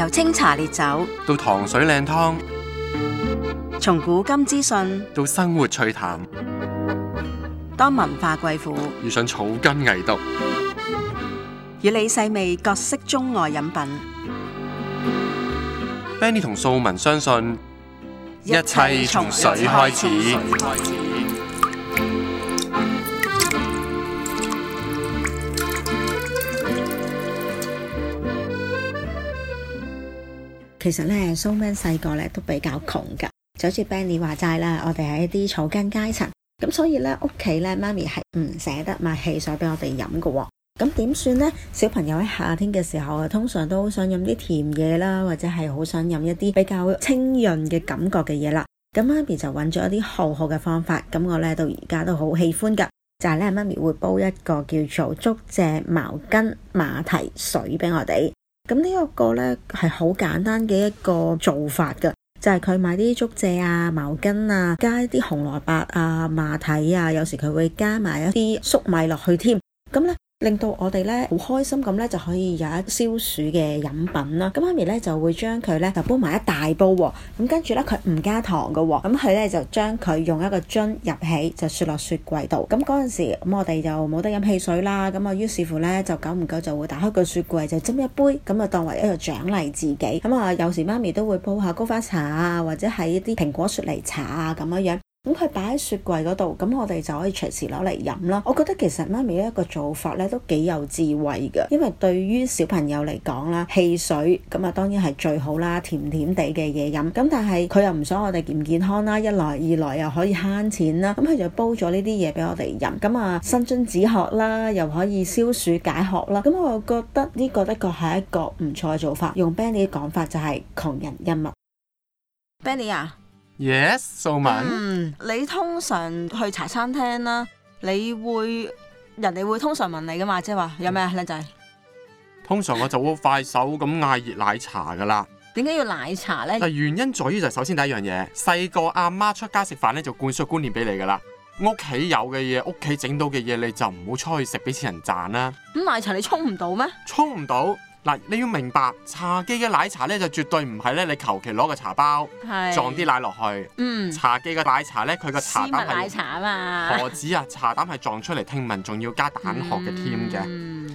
由清茶烈酒到糖水靚湯，從古今資訊到生活趣談，當文化貴婦遇上草根藝毒，與你細味各式中外飲品。Benny 同素文相信，一切從水開始。其實咧，So Man 細個咧都比較窮㗎，就好似 Benny 話齋啦，我哋係一啲草根階層，咁所以咧屋企咧媽咪係唔捨得買汽水俾我哋飲㗎。咁點算呢？小朋友喺夏天嘅時候，通常都好想飲啲甜嘢啦，或者係好想飲一啲比較清潤嘅感覺嘅嘢啦。咁媽咪就揾咗一啲好好嘅方法，咁我咧到而家都好喜歡㗎，就係咧媽咪會煲一個叫做竹蔗茅根馬蹄水俾我哋。咁呢一個呢係好簡單嘅一個做法㗎，就係佢買啲竹蔗啊、毛巾啊，加啲紅蘿蔔啊、馬蹄啊，有時佢會加埋一啲粟米落去添。咁呢。令到我哋咧好開心咁咧就可以有一消暑嘅飲品啦。咁媽咪咧就會將佢咧就煲埋一大煲，咁跟住，咧佢唔加糖㗎。咁佢咧就將佢用一個樽入起，就雪落雪櫃度。咁嗰陣時，咁、嗯、我哋就冇得飲汽水啦。咁、嗯、啊，於是乎咧就久唔久就會打開個雪櫃，就斟一杯，咁、嗯、啊當為一個獎勵自己。咁、嗯、啊、嗯、有時媽咪都會煲下菊花茶啊，或者係一啲蘋果雪梨茶啊咁樣樣。咁佢擺喺雪櫃嗰度，咁我哋就可以隨時攞嚟飲啦。我覺得其實媽咪一個做法咧都幾有智慧嘅，因為對於小朋友嚟講啦，汽水咁啊當然係最好啦，甜甜地嘅嘢飲。咁但係佢又唔想我哋健唔健康啦，一來二來又可以慳錢啦。咁佢就煲咗呢啲嘢俾我哋飲，咁啊生津止渴啦，又可以消暑解渴啦。咁我又覺得呢個的確係一個唔錯做法。用 Benny 嘅講法就係窮人恩物，Benny 啊。Yes，數文。嗯，你通常去茶餐廳啦，你會人哋會通常問你噶嘛，即係話有咩啊，靚仔、嗯？俊通常我就會快手咁嗌熱奶茶噶啦。點解要奶茶呢？原因在於就首先第一樣嘢，細個阿媽出街食飯呢，就灌輸觀念俾你噶啦。屋企有嘅嘢，屋企整到嘅嘢，你就唔好出去食，俾錢人賺啦。咁、嗯、奶茶你沖唔到咩？沖唔到。嗱，你要明白茶記嘅奶茶咧，就絕對唔係咧，你求其攞個茶包是撞啲奶落去。嗯，茶記嘅奶茶咧，佢個茶膽係茶啊嘛，何止啊， 茶膽係撞出嚟，聽聞仲要加蛋殼嘅添嘅。咁、嗯、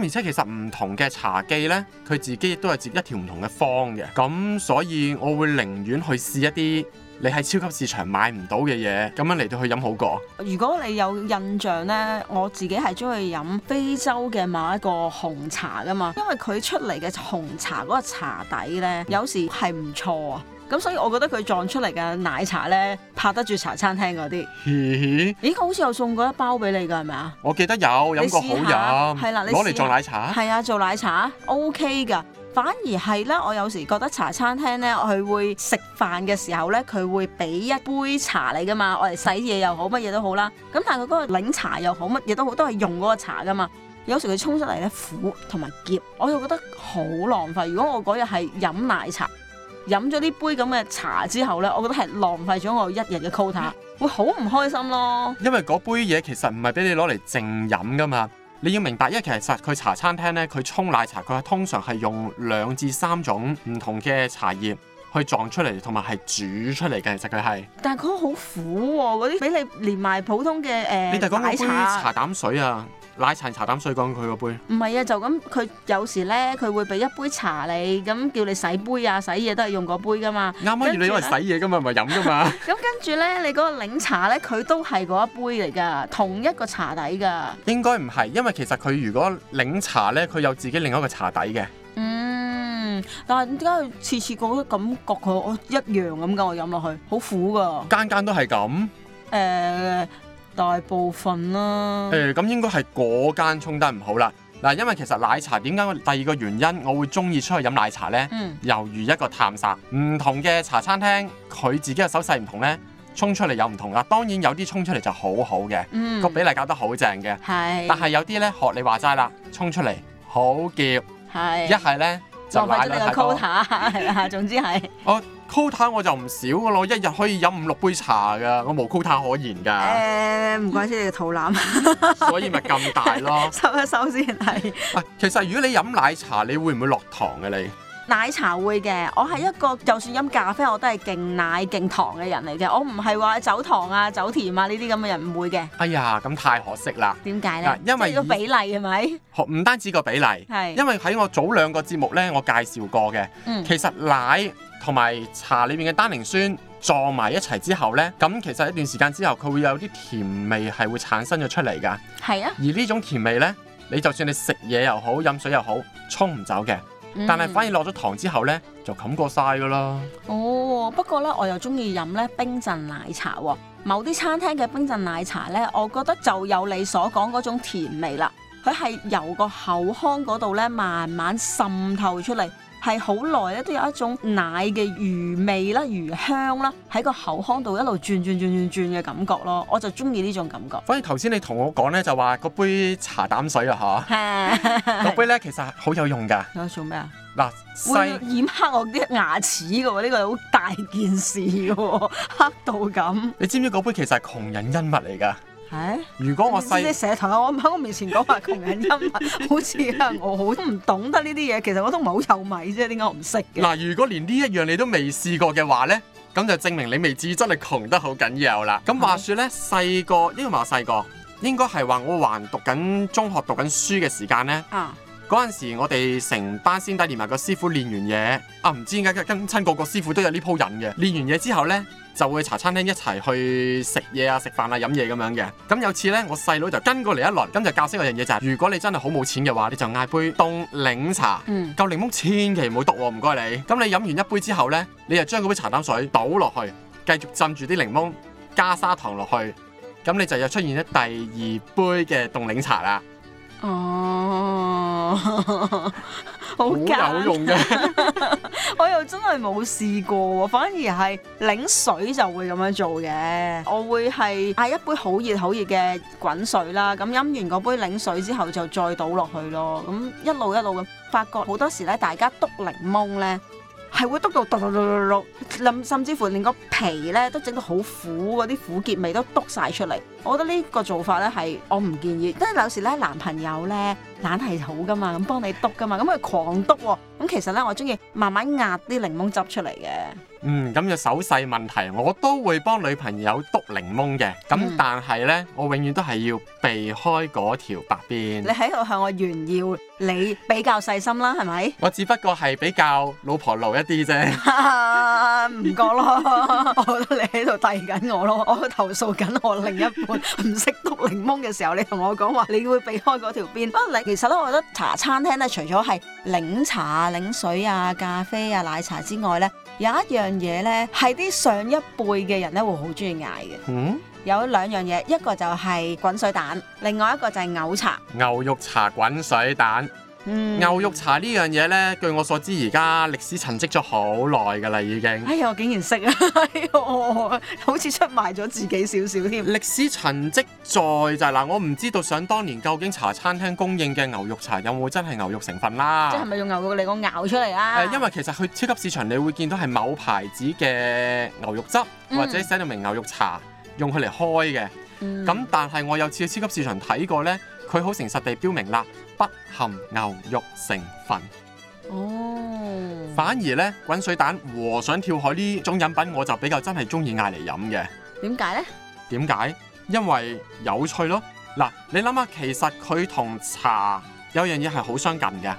而且其實唔同嘅茶記咧，佢自己亦都係接一條唔同嘅方嘅。咁所以我會寧願去試一啲。你喺超級市場買唔到嘅嘢，咁樣嚟到去飲好過。如果你有印象呢，我自己係鍾意飲非洲嘅某一個紅茶㗎嘛，因為佢出嚟嘅紅茶嗰個茶底呢，有時係唔錯啊。咁所以我覺得佢撞出嚟嘅奶茶呢，拍得住茶餐廳嗰啲。 咦？咦？佢好似有送過一包俾你㗎，係咪啊？我記得有飲過，好飲。係啦，你攞嚟做奶茶。係啊，做奶茶 OK 㗎。OK。反而係啦，我有時覺得茶餐廳咧，我會食飯嘅時候咧，佢會俾一杯茶你噶嘛。我嚟洗嘢又好，乜嘢都好啦。咁但係佢嗰個檸茶又好，乜嘢都好，都係用嗰個茶噶嘛。有時佢沖出嚟咧，苦同埋澀，我就覺得好浪費。如果我嗰日係飲奶茶，飲咗呢杯咁嘅茶之後咧，我覺得係浪費咗我一日嘅 quota，會好唔開心咯。因為嗰杯嘢其實唔係俾你攞嚟淨飲噶嘛。你要明白，因為其實佢茶餐廳咧，佢沖奶茶佢係通常係用兩至三種唔同嘅茶葉去撞出嚟，同埋係煮出嚟嘅。其實佢係，但係佢好苦喎、啊，嗰啲俾你連埋普通嘅、呃、你哋講奶茶茶膽水啊！奶茶茶膽水講佢個杯，唔係啊，就咁佢有時咧，佢會俾一杯茶你，咁叫你洗杯啊，洗嘢都係用嗰杯噶嘛。啱啊，原來你攞嚟洗嘢噶嘛，唔係飲噶嘛。咁跟住咧，你嗰個檸茶咧，佢都係嗰一杯嚟噶，同一個茶底噶。應該唔係，因為其實佢如果檸茶咧，佢有自己另一個茶底嘅。嗯，但係點解佢次次個感覺佢我、哦、一樣咁㗎？我飲落去好苦㗎。間間都係咁。誒、呃。大部分啦、啊，誒咁、嗯、應該係嗰間衝得唔好啦。嗱，因為其實奶茶點解第二個原因我會中意出去飲奶茶呢？嗯，猶如一個探殺。唔同嘅茶餐廳佢自己嘅手勢唔同呢，衝出嚟又唔同啦。當然有啲衝出嚟就好好嘅，個、嗯、比例搞得好正嘅。係是，但係有啲呢，學你話齋啦，衝出嚟好澀。係是，一係呢，就拉太多。浪費你嘅 q t a 啦， 總之係是。 quota 我就唔少個咯，我一日可以飲五六杯茶㗎，我冇 quota 可言㗎。誒、嗯，唔怪之你個肚腩。所以咪咁大咯。 收一收先係。喂，其實如果你飲奶茶，你會唔會落糖嘅你？奶茶會嘅，我係一個就算飲咖啡我都係勁奶勁糖嘅人嚟嘅，我唔係話走糖啊走甜啊呢啲咁嘅人唔會嘅。哎呀，咁太可惜啦。點解咧？因為即係個比例係咪？唔單止個比例，係是因為喺我早兩個節目咧，我介紹過嘅，嗯、其實奶。同埋茶裏面嘅單寧酸撞埋一齊之後呢，咁其實一段時間之後佢會有啲甜味係會產生咗出嚟噶。係啊，而呢種甜味呢，你就算你食嘢又好，飲水又好，沖唔走嘅。嗯、但係反而落咗糖之後呢，就冚過晒噶咯。哦，不過呢，我又中意飲呢冰鎮奶茶喎。某啲餐廳嘅冰鎮奶茶呢，我覺得就有你所講嗰種甜味啦。佢係由個口腔嗰度呢，慢慢滲透出嚟，係好耐咧，都有一種奶嘅餘味啦、餘香啦，喺個口腔度一路轉轉轉轉轉嘅感覺咯，我就中意呢種感覺。反而頭先你同我講咧，就話嗰杯茶膽水啊，嚇！嗰杯咧其實好有用㗎。用做咩啊？嗱，會染黑我啲牙齒㗎喎，呢、呢個係好大件事嘅喎， 黑到咁感。你知唔知嗰杯其實係窮人恩物嚟㗎？如果我細社台，我喺我面前講話窮人音樂，好似係我好唔懂得呢啲嘢。其實我都唔係好有米啫，點解我唔識嘅？嗱、啊，如果連呢一樣你都未試過嘅話咧，咁就證明你未至真係窮得好緊要啦。咁話説咧，細個呢個唔係細個，應該係話我還讀緊中學讀緊書嘅時間咧。啊！嗰陣時我哋成班師弟連埋個師傅練完嘢啊，唔知點解跟跟親個個師傅都有呢鋪癮嘅。練完嘢之後咧。就會茶餐廳一齊去食嘢啊、食飯啊、飲嘢咁樣嘅。咁有次呢，我細佬就跟過嚟一輪，咁就教識我一樣嘢就係、是，如果你真係好冇錢嘅話，你就嗌杯凍檸茶，嚿檸、嗯、檬千祈唔好篤，唔該你。咁你飲完一杯之後呢，你就將嗰杯茶膽水倒落去，繼續浸住啲檸檬，加砂糖落去，咁你就又出現咗第二杯嘅凍檸茶啦。哦。 好有用嘅， 我又真係冇試過喎、哦，反而係檸水就會咁樣做嘅。我會係嗌一杯好熱好熱嘅滾水啦，咁飲完嗰杯檸水之後就再倒落去咯。咁一路一路咁，發覺好多時咧，大家篤檸檬咧係會篤到碌碌碌碌，甚至乎連個皮咧都整到好苦，嗰啲苦澀味都篤晒出嚟。我覺得呢個做法咧係我唔建議，因為有時咧男朋友咧懶係好噶嘛，咁幫你篤噶嘛，咁佢狂篤喎，咁其實咧我中意慢慢壓啲檸檬汁出嚟嘅。嗯，咁就手勢問題，我都會幫女朋友篤檸檬嘅，咁但係咧、嗯、我永遠都係要避開嗰條白邊。你喺度向我炫耀你比較細心啦，係咪？我只不過係比較老婆奴一啲啫。唔講 咯，我覺得你喺度提緊我咯，我投訴緊我另一唔識篤檸檬嘅時候，你同我講話，你會避開嗰條邊。不過，其實咧，我覺得茶餐廳咧，除咗係檸茶啊、檸水啊、咖啡啊、奶茶之外咧，有一樣嘢咧，係啲上一輩嘅人咧，會好鍾意嗌嘅。嗯。有兩樣嘢，一個就係滾水蛋，另外一個就係牛茶。牛肉茶、滾水蛋。嗯、牛肉茶呢樣嘢呢，據我所知而家歷史沉積咗好耐嘅啦，已經。哎呀，我竟然識啊！哎呀，好似出賣咗自己少少添。歷史沉積在就係、是、嗱，我唔知道想當年究竟茶餐廳供應嘅牛肉茶有冇真係牛肉成分啦、啊？即係咪用牛肉嚟講熬出嚟啦、啊呃？因為其實去超級市場你會見到係某牌子嘅牛肉汁、嗯、或者寫到明牛肉茶，用佢嚟開嘅。咁、嗯、但係我有次去超級市場睇過呢。佢好誠實地標明啦，不含牛肉成分。哦，反而咧，滾水蛋和尚跳海呢種飲品，我就比較真係鍾意攞嚟飲嘅。點解咧？點解？因為有趣咯。嗱，你諗下，其實佢同茶有樣嘢係好相近嘅。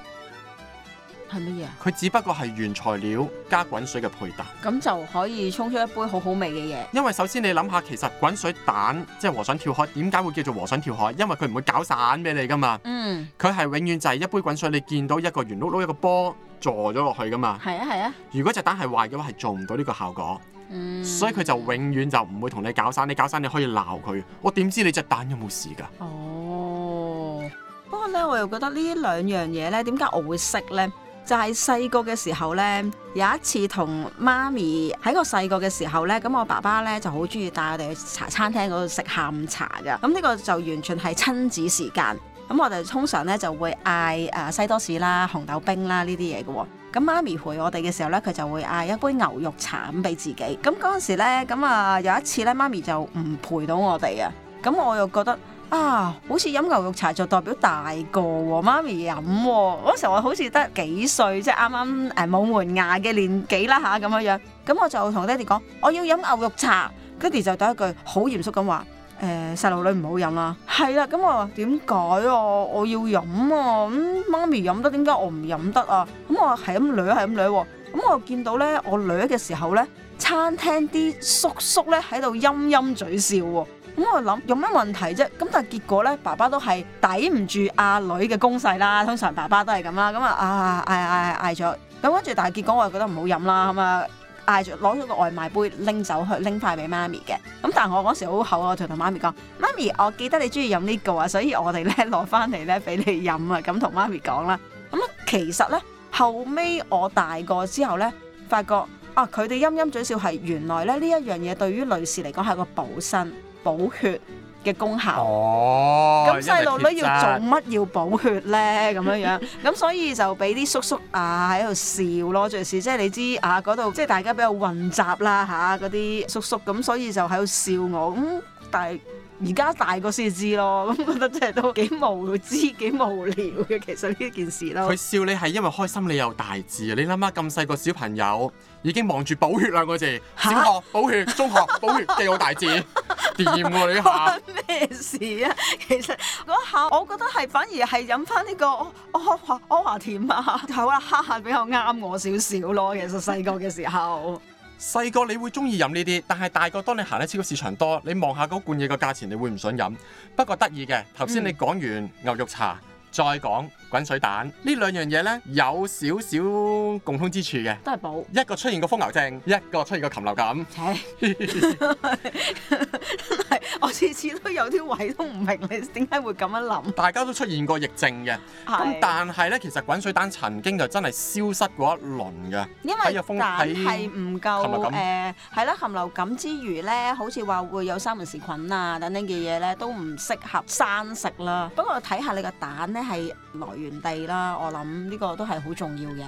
係乜嘢？佢只不過係原材料加滾水嘅配搭，咁就可以沖出一杯好好味嘅嘢。因為首先你諗下，其實滾水蛋即係、就是、和尚跳海，點解會叫做和尚跳海？因為佢唔會搞散俾你噶嘛。嗯。佢係永遠就係一杯滾水，你見到一個圓碌碌碌一個波坐咗落去噶嘛。係啊係啊。啊如果隻蛋係壞嘅話，係做唔到呢個效果。嗯。所以佢就永遠就唔會同你搞散，你搞散你可以鬧佢。我點知你隻蛋有冇事噶？哦。不過咧，我又覺得呢兩樣嘢咧，點解我會識咧？就係細個嘅時候呢，有一次同媽咪喺我細個嘅時候呢，咁我爸爸呢就好鍾意帶我哋去茶餐廳嗰度食下午茶㗎。咁呢個就完全係親子時間。咁我哋通常呢就會嗌誒西多士啦、紅豆冰啦呢啲嘢嘅。咁媽咪陪我哋嘅時候呢，佢就會嗌一杯牛肉茶咁畀自己。咁嗰陣時呢，咁啊有一次呢，媽咪就唔陪到我哋啊。咁我又覺得。啊，好似飲牛肉茶就代表大個喎，媽咪飲喎。嗰時候我好似得幾歲啫，啱啱誒冇門牙嘅年紀啦嚇咁嘅樣。咁我就同爹哋講，我要飲牛肉茶。爹哋就第一句好嚴肅咁話：誒，細路女唔好飲啦。係啦，咁我話點解啊？我要飲啊！咁媽咪飲得，點解我唔飲得啊？咁我係咁掠，係咁掠喎。咁我見到咧，我掠嘅時候咧，餐廳啲叔叔咧喺度陰陰嘴笑喎。我諗有咩問題啫？咁但係結果咧，爸爸都係抵唔住阿女嘅攻勢啦。通常爸爸都係咁啦，咁啊，挨挨挨挨咗咁。跟住，但係結果我又覺得唔好飲啦咁啊，挨咗攞咗個外賣杯拎走去拎塊俾媽咪嘅。咁但係我嗰時好厚啊，我就同媽咪講：媽咪，我記得你中意飲呢個啊，所以我哋咧攞翻嚟咧俾你飲啊。咁同媽咪講啦。咁啊，其實咧後尾我大個之後咧，發覺啊，佢哋陰陰嘴笑係原來咧呢一樣嘢，對於女士嚟講係個補身。補血嘅功效。哦，咁細路女要做乜要補血咧？咁樣樣，咁 所以就俾啲叔叔啊喺度笑咯，尤其係，即係你知啊嗰度，即係大家比較混雜啦嚇，嗰、啊、啲叔叔咁，所以就喺度笑我咁。嗯。但係而家大個先知咯，咁覺得真係都幾無知、幾無聊嘅。其實呢件事咯，佢笑你係因為開心，你有大志啊！你諗下咁細個小朋友已經望住補血兩個字，啊、小學補血，中學補血，記我大志，掂、 啊、你下咩事啊？其實下我覺得係反而係飲翻呢個阿華阿華田啊，好啦，蝦比較啱我少少咯。其實細個嘅時候。 細個你會中意飲呢啲，但係大個，當你行一次個超級市場多，你望下嗰罐嘢，個價錢，你會唔想飲。不過得意嘅，頭先你講完牛肉茶。再講滾水蛋兩呢兩樣嘢咧，有少少共通之處嘅。都係補一個出現過瘋牛症，一個出現過禽流感。切，係我次次都有啲位都唔明你點解會咁樣諗。大家都出現過疫症嘅，咁是 但係咧，其實滾水蛋曾經就真係消失過一輪㗎。因為但係唔夠誒，係啦，禽流感之餘咧，好似話會有三文氏菌啊等等嘅嘢咧，都唔適合生食啦。不過我睇下你個蛋咧。係來源地啦，我諗呢個都係好重要嘅。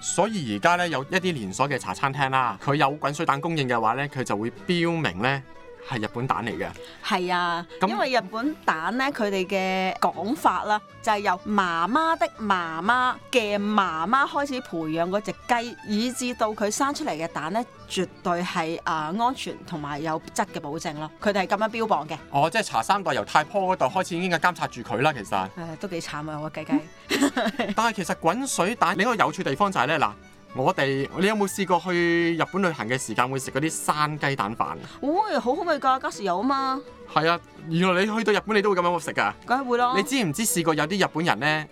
所以而家呢，有一啲連鎖嘅茶餐廳啦，佢有滾水蛋供應嘅話呢，佢就會標明呢。係日本蛋嚟嘅。係啊，嗯、因為日本蛋咧，佢哋嘅講法啦，就係、是、由媽媽的媽媽嘅媽媽開始培養嗰隻雞，以至到佢生出嚟嘅蛋咧，絕對係啊、呃、安全同埋有質嘅保證咯。佢哋係咁樣標榜嘅。哦，即係查三代，由太婆嗰度開始已經係監察住佢啦，其實。誒，都幾慘啊，個雞雞。 但係其實滾水蛋，另一個有趣地方就係咧啦。我哋，你有冇試過去日本旅行嘅時間會食嗰啲生雞蛋飯啊？哦，好好味㗎，加豉油啊嘛。係啊，原來你去到日本你都會咁樣食㗎。梗係會啦。你知唔知試過有啲日本人咧？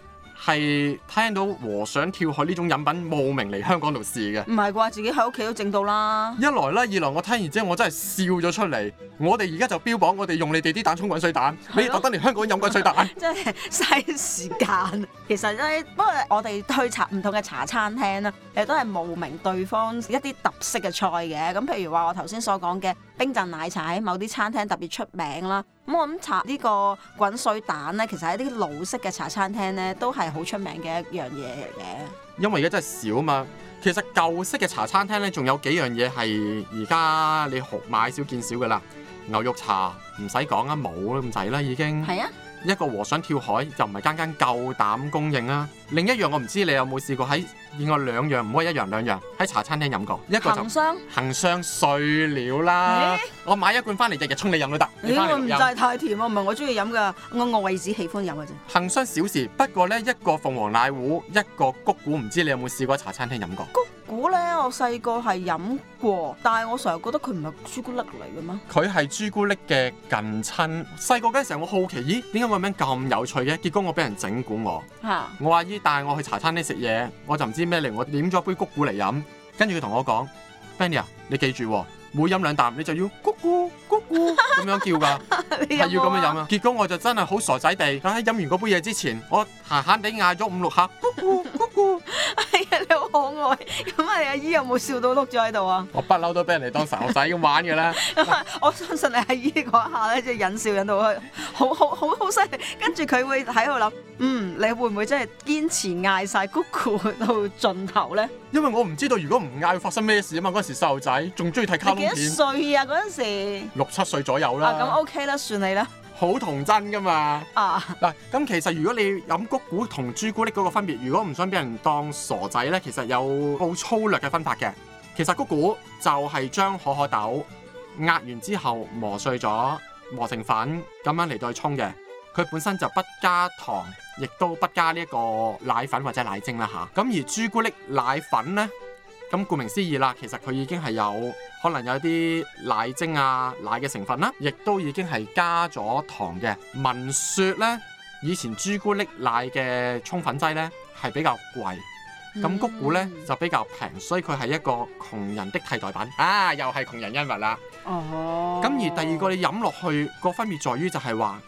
係聽到和尚跳海呢種飲品慕名嚟香港度試嘅，唔係啩？自己喺屋企都整到啦！一來啦，二來我聽完之後，我真係笑咗出嚟。我哋而家就標榜我哋用你哋啲蛋沖滾水蛋，了你特登嚟香港飲滾水蛋， 真係嘥時間。 其實咧、就是，不過我哋去茶唔同嘅茶餐廳啦，其實都係慕名對方一啲特色嘅菜嘅。咁譬如話，我頭先所講嘅冰鎮奶茶喺某啲餐廳特別出名啦。咁我諗茶呢個滾水蛋咧，其實喺啲老式嘅茶餐廳咧，都係好出名嘅一樣嘢嚟嘅。因為而家真係少啊嘛。其實舊式嘅茶餐廳咧，仲有幾樣嘢係而家你學買少見少噶啦。牛肉茶唔使講啦，冇咁滯啦，已經。係啊。一個和尚跳海，就唔係間間夠膽供應啊。另一樣，我唔知你有冇試過喺另外兩樣唔可以一樣兩樣喺茶餐廳飲過？相一個就杏霜，杏霜碎料啦！咦我買一罐翻嚟日日沖你飲都得。呢個唔係太甜喎、啊，唔係我中意飲噶，我外子喜歡飲嘅啫。杏霜小事，不過呢，一個鳳凰奶糊，一個谷古，唔知你有冇試過茶餐廳飲過？谷古咧，我細個係飲過，但係我成日覺得佢唔係朱古力嚟嘅咩？佢係朱古力嘅近親。細個嗰陣時候我好奇，咦，點解個名咁有趣嘅？結果我俾人整蠱我，啊、我話帶我去茶餐廳食嘢，我就唔知咩嚟。我點咗杯谷古嚟飲，跟住佢同我講：Benny，你記住，每飲兩啖，你就要谷古。咁 樣叫噶？你有冇要咁樣飲啊！結果我就真係好傻仔地，喺飲完嗰杯嘢之前，我閒閒地嗌咗五六下咕咕咕咕。係啊、 哎，你好可愛。咁你阿姨有冇笑到碌咗喺度啊？我不嬲都俾人哋當細路仔咁玩噶啦。 但 我相信你阿姨嗰下咧，即係忍笑忍到去，好好好好犀利。跟住佢會喺度諗，嗯，你會唔會真係堅持嗌晒咕咕咕到盡頭咧？因為我唔知道如果唔嗌發生咩事啊嘛。嗰時細路仔仲中意睇卡通片。幾歲啊？嗰陣時六七。歲左右啦，咁、啊、OK 啦，算你啦，好童真噶嘛，嗱、啊，咁其實如果你飲谷古同朱古力嗰個分別，如果唔想俾人當傻仔呢，其實有好粗略嘅分法嘅。其實谷古就係將可可豆壓完之後磨碎咗磨成粉咁樣嚟到去沖嘅，佢本身就不加糖，亦都不加呢一個奶粉或者奶精啦吓。咁、啊、而朱古力奶粉呢？咁顧名思義啦，其實佢已經係有可能有啲奶精啊、奶嘅成分啦，亦都已經係加咗糖嘅。聞説呢，以前朱古力奶嘅沖粉劑呢係比較貴，咁谷古呢就比較平，所以佢係一個窮人的替代品。啊，又係窮人恩物啦。哦。咁而第二個你飲落去個分別在於就係話，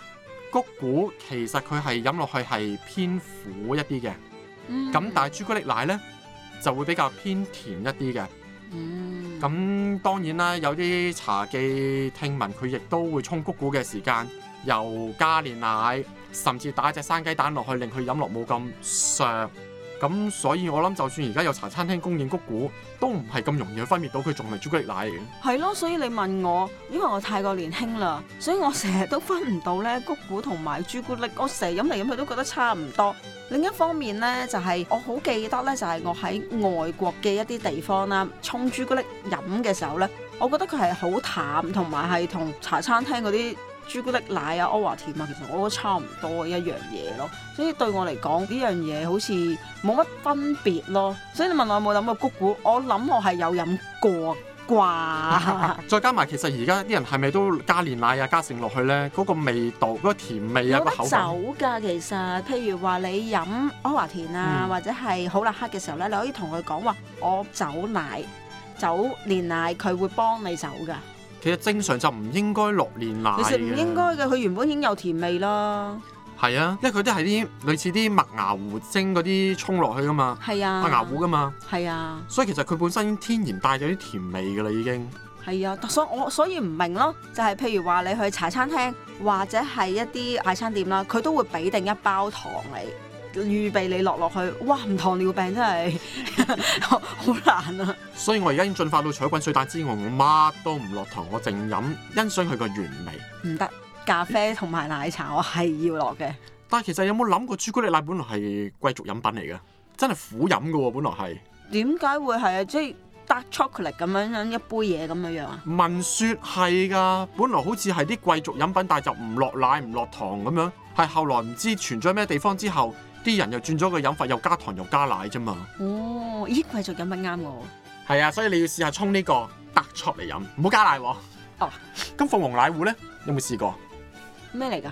谷古其實佢係飲落去係偏苦一啲嘅。咁、嗯、但係朱古力奶呢？就會比較偏甜一啲嘅，咁、mm。當然啦，有啲茶記聽聞佢亦都會沖谷古嘅時間，又加煉奶，甚至打一隻生雞蛋落去，令佢飲落冇咁削。咁所以我諗，就算而家有茶餐廳供應谷古，都唔係咁容易去分辨到佢仲係朱古力奶嚟嘅。係咯，所以你問我，因為我太過年輕啦，所以我成日都分唔到咧谷古同埋朱古力。我成日飲嚟飲去都覺得差唔多。另一方面咧，就係、是、我好記得咧，就係我喺外國嘅一啲地方啦，沖朱古力飲嘅時候咧，我覺得佢係好淡，同埋係同茶餐廳嗰啲。朱古力奶啊，阿華田啊，其實我都差唔多一樣嘢咯，所以對我嚟講呢樣嘢好似冇乜分別咯。所以你問我有冇飲過谷古，我諗我係有飲過啩。 再加埋其實而家啲人係咪都加煉奶啊、加成落去咧？嗰個味道、嗰個甜味啊、嗰個口感。走㗎，其實譬如話你飲阿華田啊，嗯、或者係好立克嘅時候咧，你可以同佢講話我走奶走煉奶，佢會幫你走㗎。其實正常就唔應該落煉奶嘅。其實唔應該嘅，佢原本已經有甜味啦。係啊，因為佢都係啲類似啲麥芽糊精嗰啲衝落去噶嘛。係啊，麥芽糊噶嘛。係啊。所以其實佢本身天然帶咗啲甜味噶啦，已經。係啊，所以我所以唔明咯，就係、是、譬如話你去茶餐廳或者係一啲快餐店啦，佢都會俾定一包糖你。預備你落落去，哇！唔糖尿病真係 好難啊！所以我而家已經進化到除咗滾水蛋之外，我乜都唔落糖，我淨飲欣賞佢個原味。唔得，咖啡同埋奶茶我係要落嘅。但係其實有冇諗過，朱古力奶本來係貴族飲品嚟嘅，真係苦飲嘅喎，本來係點解會係啊？即係 dark chocolate 咁樣樣一杯嘢咁樣樣啊？聞説係㗎，本來好似係啲貴族飲品，但係就唔落奶唔落糖咁樣。係後來唔知存在咩地方之後。啲人又轉咗個飲法，又加糖又加奶啫嘛。哦，咦，佢係做飲乜啱喎？係啊，所以你要試下沖呢個特輯嚟飲，唔好加奶喎，啊。哦，咁鳳凰奶糊咧，有冇試過？咩嚟㗎？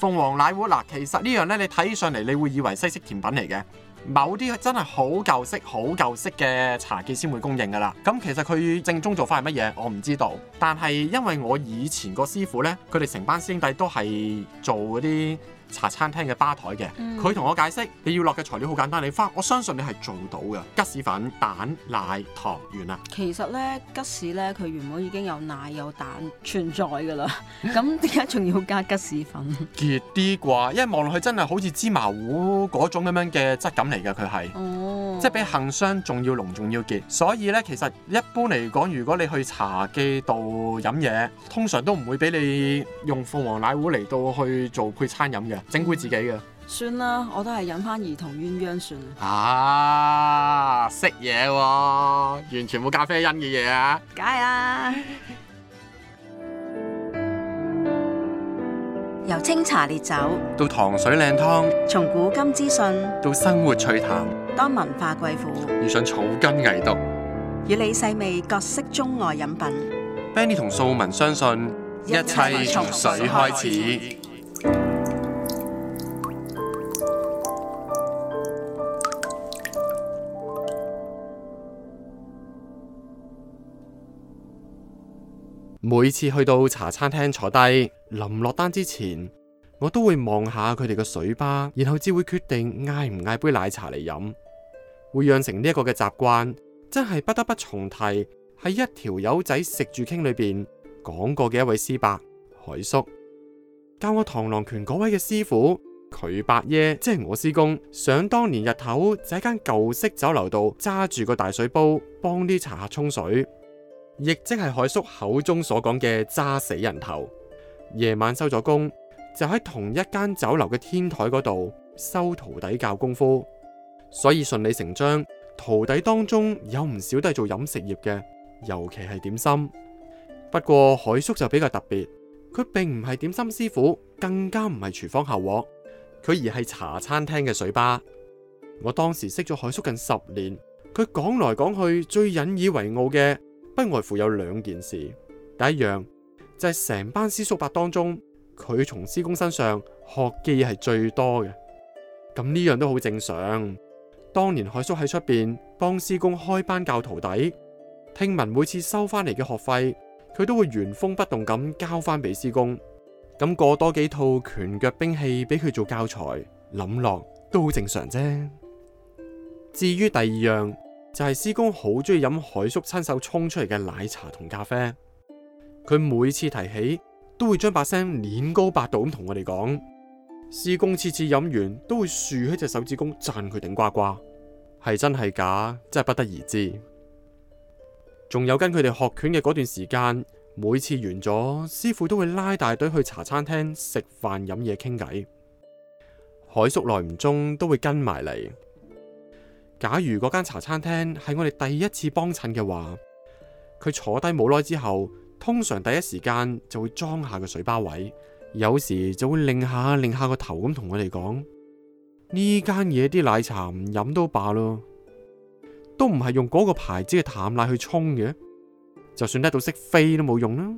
鳳凰奶糊嗱，其實呢樣咧，你睇上嚟，你會以為西式甜品嚟嘅。某啲真係好舊式、好舊式嘅茶記先會供應㗎喇。咁其實佢正宗做法係乜嘢，我唔知道。但係因為我以前個師傅咧，佢哋成班師兄弟都係做嗰啲。茶餐廳嘅吧台嘅，佢同、嗯、我解釋你要落嘅材料好簡單，你翻我相信你係做到嘅。吉士粉、蛋、奶、糖完啦。其實呢，吉士呢，佢原本已經有奶有蛋存在㗎啦，咁點解仲要加吉士粉？結啲啩，因為望落去真係好似芝麻糊嗰種咁樣嘅質感嚟㗎，佢係。嗯即係比杏霜仲要濃仲要結，所以咧，其實一般嚟講，如果你去茶記度飲嘢，通常都唔會俾你用鳳凰奶糊嚟到去做配餐飲嘅，整蠱自己嘅。算啦，我都係飲翻兒童鴛鴦算啦。啊，食嘢喎，完全冇咖啡因嘅嘢啊！梗係啦， 由清茶烈酒到糖水靚湯，從古今資訊到生活趣談。當文化貴婦遇上草根藝毒，與你細味各式中外飲品。Benny 同素文相信，一切從水開始。每次去到茶餐廳坐低，臨落單之前，我都會望下佢哋嘅水吧，然後至會決定嗌唔嗌杯奶茶嚟飲，會養成呢一個嘅習慣。真係不得不重提，喺一條友仔食住傾裏邊講過嘅一位師伯海叔，教我螳螂拳嗰位嘅師傅，佢伯爺即係我師公。想當年日頭就喺間舊式酒樓度揸住個大水煲幫啲茶客沖水，亦即係海叔口中所講嘅揸死人頭。夜晚收咗工。就喺同一間酒樓嘅天台嗰度收徒弟教功夫，所以順理成章，徒弟當中有唔少都係做飲食業嘅，尤其係點心。不過海叔就比較特別，佢並唔係點心師傅，更加唔係廚房後鑊，佢而係茶餐廳嘅水吧。我當時識咗海叔近十年，佢講來講去最引以為傲嘅，不外乎有兩件事。第一樣就係成班師叔伯當中，佢從師公身上學嘅嘢係最多嘅，咁呢樣都好正常。當年海叔喺出邊幫師公開班教徒弟，聽聞每次收返嚟嘅學費，佢都會原封不動咁交翻俾師公，咁過多幾套拳腳兵器俾佢做教材，諗落都好正常啫。至於第二樣，就係師公好中意飲海叔親手沖出嚟嘅奶茶同咖啡，佢每次提起，都會將把聲碾高八度咁同我哋講，師公次次飲完都會豎起隻手指公讚佢頂呱呱，係真係假，真係不得而知。仲有跟佢哋學拳嘅嗰段時間，每次完咗，師傅都會拉大隊去茶餐廳食飯飲嘢傾偈，海叔耐唔中都會跟埋嚟。假如嗰間茶餐廳係我哋第一次幫襯嘅話，佢坐低冇耐之後。通常第一時間就會裝下個水吧位，有時就會擰下擰下個頭咁同我哋講：呢間嘢啲奶茶唔飲都罷咯，都唔係用嗰個牌子嘅淡奶去沖嘅，就算叻到識飛都冇用啦。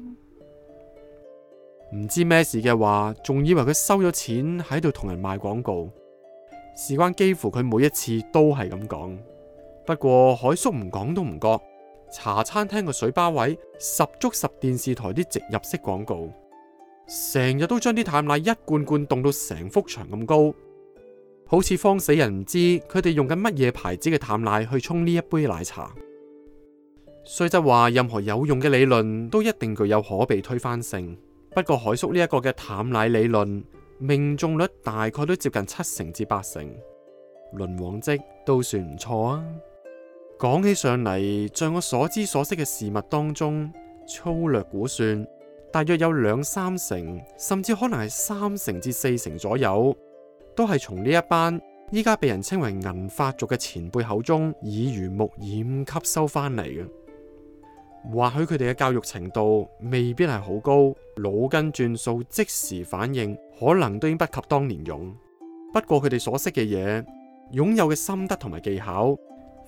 唔知咩事嘅話，仲以為佢收咗錢喺度同人賣廣告。事關幾乎佢每一次都係咁講，不過海叔唔講都唔覺。茶餐廳個水吧位十足十電視台啲植入式廣告，成日都將啲淡奶一罐罐凍到成幅牆咁高，好似慌死人唔知佢哋用緊乜嘢牌子嘅淡奶去沖呢一杯奶茶。雖則話任何有用嘅理論都一定具有可被推翻性，不過海叔呢一個嘅淡奶理論命中率大概都接近七成至八成，輪王績都算唔錯啊！講起上嚟，在我所知所識嘅事物當中，粗略估算，大約有兩三成，甚至可能係三成至四成左右，都係從呢一班依家被人稱為銀髮族嘅前輩口中耳濡目染吸收翻嚟嘅或許佢哋嘅教育程度未必係好高，腦筋轉數即時反應可能都已經不及當年勇。不過佢哋所識嘅嘢，擁有嘅心得同埋技巧。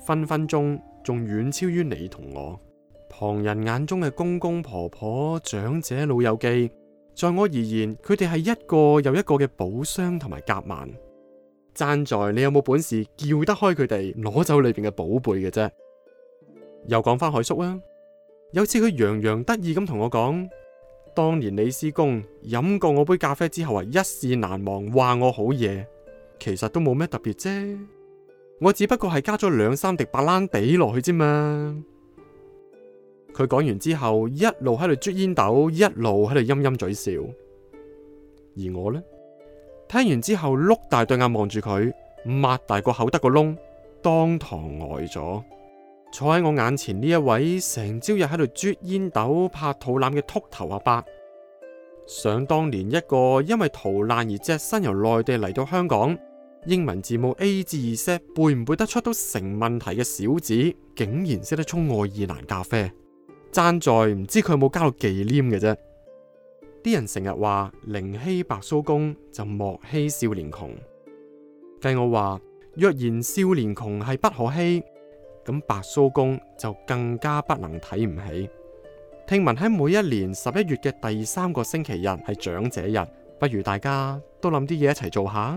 分分鐘仲遠超於你同我，旁人眼中嘅公公婆婆、長者老友記，在我而言，佢哋係一個又一個嘅寶箱同埋夾萬，讚在你有冇本事叫得開佢哋攞走裏邊嘅寶貝嘅啫。又講返海叔啦、啊，有次佢洋洋得意咁同我講，當年李師公飲過我杯咖啡之後啊，一試難忘，話我好嘢，其實都冇咩特別啫。我只不過係加咗兩三滴白蘭地落去啫嘛。佢講完之後，一路喺度啜煙斗，一路喺度陰陰嘴笑。而我呢，聽完之後，碌大對眼望住佢，擘大個口得個窿，當堂呆咗。坐喺我眼前呢一位，成朝日喺度啜煙斗、拍肚腩嘅禿頭阿伯，想當年一個因為逃難而隻身由內地嚟到香港英文字母 A 至 Z 背唔背得出都成問題嘅小子，竟然識得沖愛爾蘭咖啡，讚在唔知佢有冇加到忌廉嘅啫。啲人成日話寧欺白蘇公就莫欺少年窮，計我話若然少年窮係不可欺，咁白蘇公就更加不能睇唔起。聽聞喺每一年十一月嘅第三個星期日係長者日，不如大家都諗啲嘢一齊做一下。